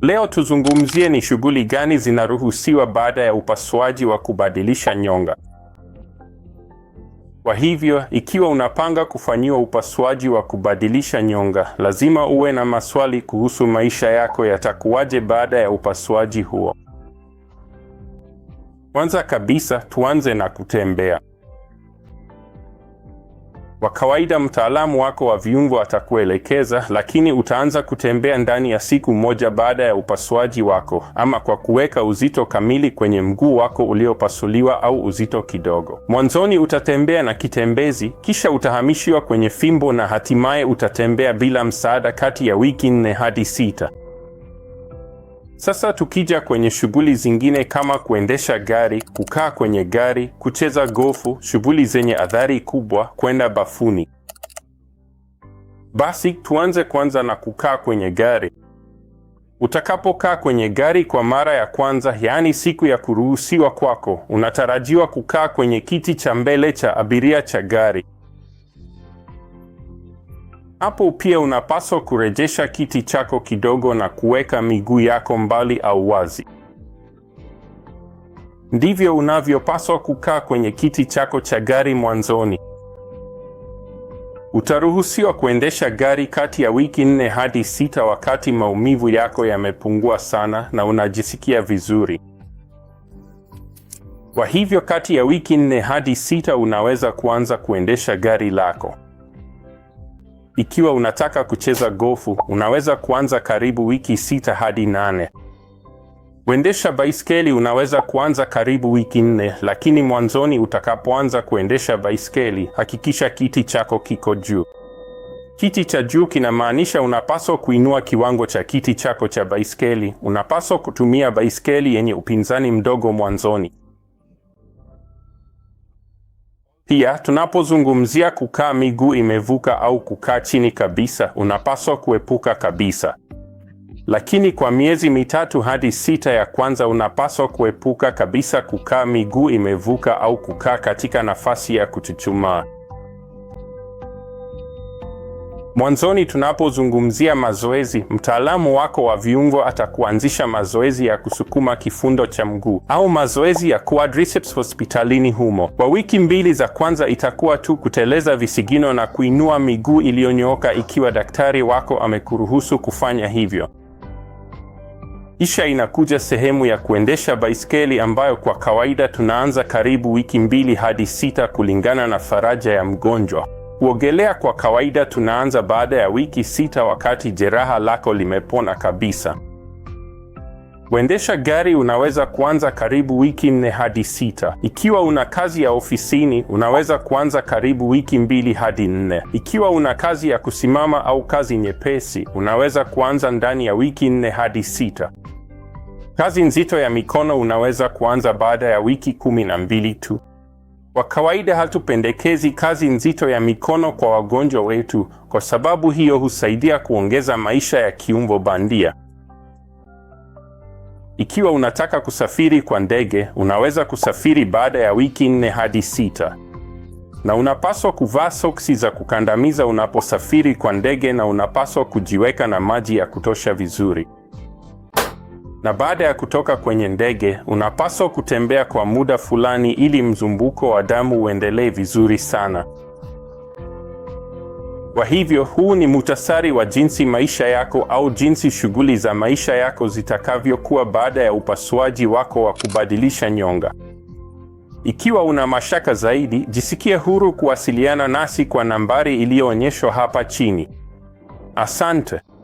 Leo tuzungumzie ni shughuli gani zinaruhusiwa baada ya upasuaji wa kubadilisha nyonga. Kwa hivyo, ikiwa unapanga kufanyiwa upasuaji wa kubadilisha nyonga, lazima uwe na maswali kuhusu maisha yako yatakuwaje baada ya upasuaji huo. Kwanza kabisa, tuanze na kutembea. Kwa kawaida mtaalamu wako wa viungo atakuelekeza, lakini utaanza kutembea ndani ya siku moja baada ya upasuaji wako, ama kwa kuweka uzito kamili kwenye mguu wako uliopasuliwa au uzito kidogo. Mwanzoni utatembea na kitembezi, kisha utahamishiwa kwenye fimbo na hatimaye utatembea bila msaada kati ya wiki nne hadi sita. Sasa tukija kwenye shughuli zingine kama kuendesha gari, kukaa kwenye gari, kucheza gofu, shughuli zenye athari kubwa, kwenda bafuni. Basi tuanze kwanza na kukaa kwenye gari. Utakapokaa kwenye gari kwa mara ya kwanza, yaani siku ya kuruhusiwa kwako, unatarajiwa kukaa kwenye kiti cha mbele cha abiria cha gari. Hapo pia unapaswa kurejesha kiti chako kidogo na kuweka miguu yako mbali au wazi. Ndivyo unavyopaswa kukaa kwenye kiti chako cha gari mwanzoni. Utaruhusiwa kuendesha gari kati ya wiki nne hadi sita wakati maumivu yako yamepungua sana na unajisikia vizuri. Kwa hivyo, kati ya wiki nne hadi sita unaweza kuanza kuendesha gari lako. Ikiwa unataka kucheza gofu, unaweza kuanza karibu wiki sita hadi nane. Kuendesha baiskeli unaweza kuanza karibu wiki nne, lakini mwanzoni utakapoanza kuendesha baiskeli, hakikisha kiti chako kiko juu. Kiti cha juu kinamaanisha unapaswa kuinua kiwango cha kiti chako cha baiskeli. Unapaswa kutumia baiskeli yenye upinzani mdogo mwanzoni. Pia tunapozungumzia kukaa miguu imevuka au kukaa chini kabisa, unapaswa kuepuka kabisa. Lakini kwa miezi mitatu hadi sita ya kwanza unapaswa kuepuka kabisa kukaa miguu imevuka au kukaa katika nafasi ya kuchuchumaa. Mwanzoni tunapozungumzia mazoezi, mtaalamu wako wa viungo atakuanzisha mazoezi ya kusukuma kifundo cha mguu au mazoezi ya quadriceps hospitalini humo. Kwa wiki mbili za kwanza itakuwa tu kuteleza visigino na kuinua miguu iliyonyooka ikiwa daktari wako amekuruhusu kufanya hivyo. Isha inakuja sehemu ya kuendesha baiskeli ambayo kwa kawaida tunaanza karibu wiki mbili hadi sita kulingana na faraja ya mgonjwa. Kuogelea kwa kawaida tunaanza baada ya wiki sita wakati jeraha lako limepona kabisa. Kuendesha gari unaweza kuanza karibu wiki nne hadi sita. Ikiwa una kazi ya ofisini, unaweza kuanza karibu wiki mbili hadi nne. Ikiwa una kazi ya kusimama au kazi nyepesi, unaweza kuanza ndani ya wiki nne hadi sita. Kazi nzito ya mikono unaweza kuanza baada ya wiki kumi na mbili tu. Kwa kawaida hatupendekezi kazi nzito ya mikono kwa wagonjwa wetu, kwa sababu hiyo husaidia kuongeza maisha ya kiumbo bandia. Ikiwa unataka kusafiri kwa ndege, unaweza kusafiri baada ya wiki nne hadi sita, na unapaswa kuvaa soksi za kukandamiza unaposafiri kwa ndege, na unapaswa kujiweka na maji ya kutosha vizuri na baada ya kutoka kwenye ndege unapaswa kutembea kwa muda fulani ili mzumbuko wa damu uendelee vizuri sana. Kwa hivyo huu ni muhtasari wa jinsi maisha yako au jinsi shughuli za maisha yako zitakavyokuwa baada ya upasuaji wako wa kubadilisha nyonga. Ikiwa una mashaka zaidi, jisikie huru kuwasiliana nasi kwa nambari iliyoonyeshwa hapa chini. Asante.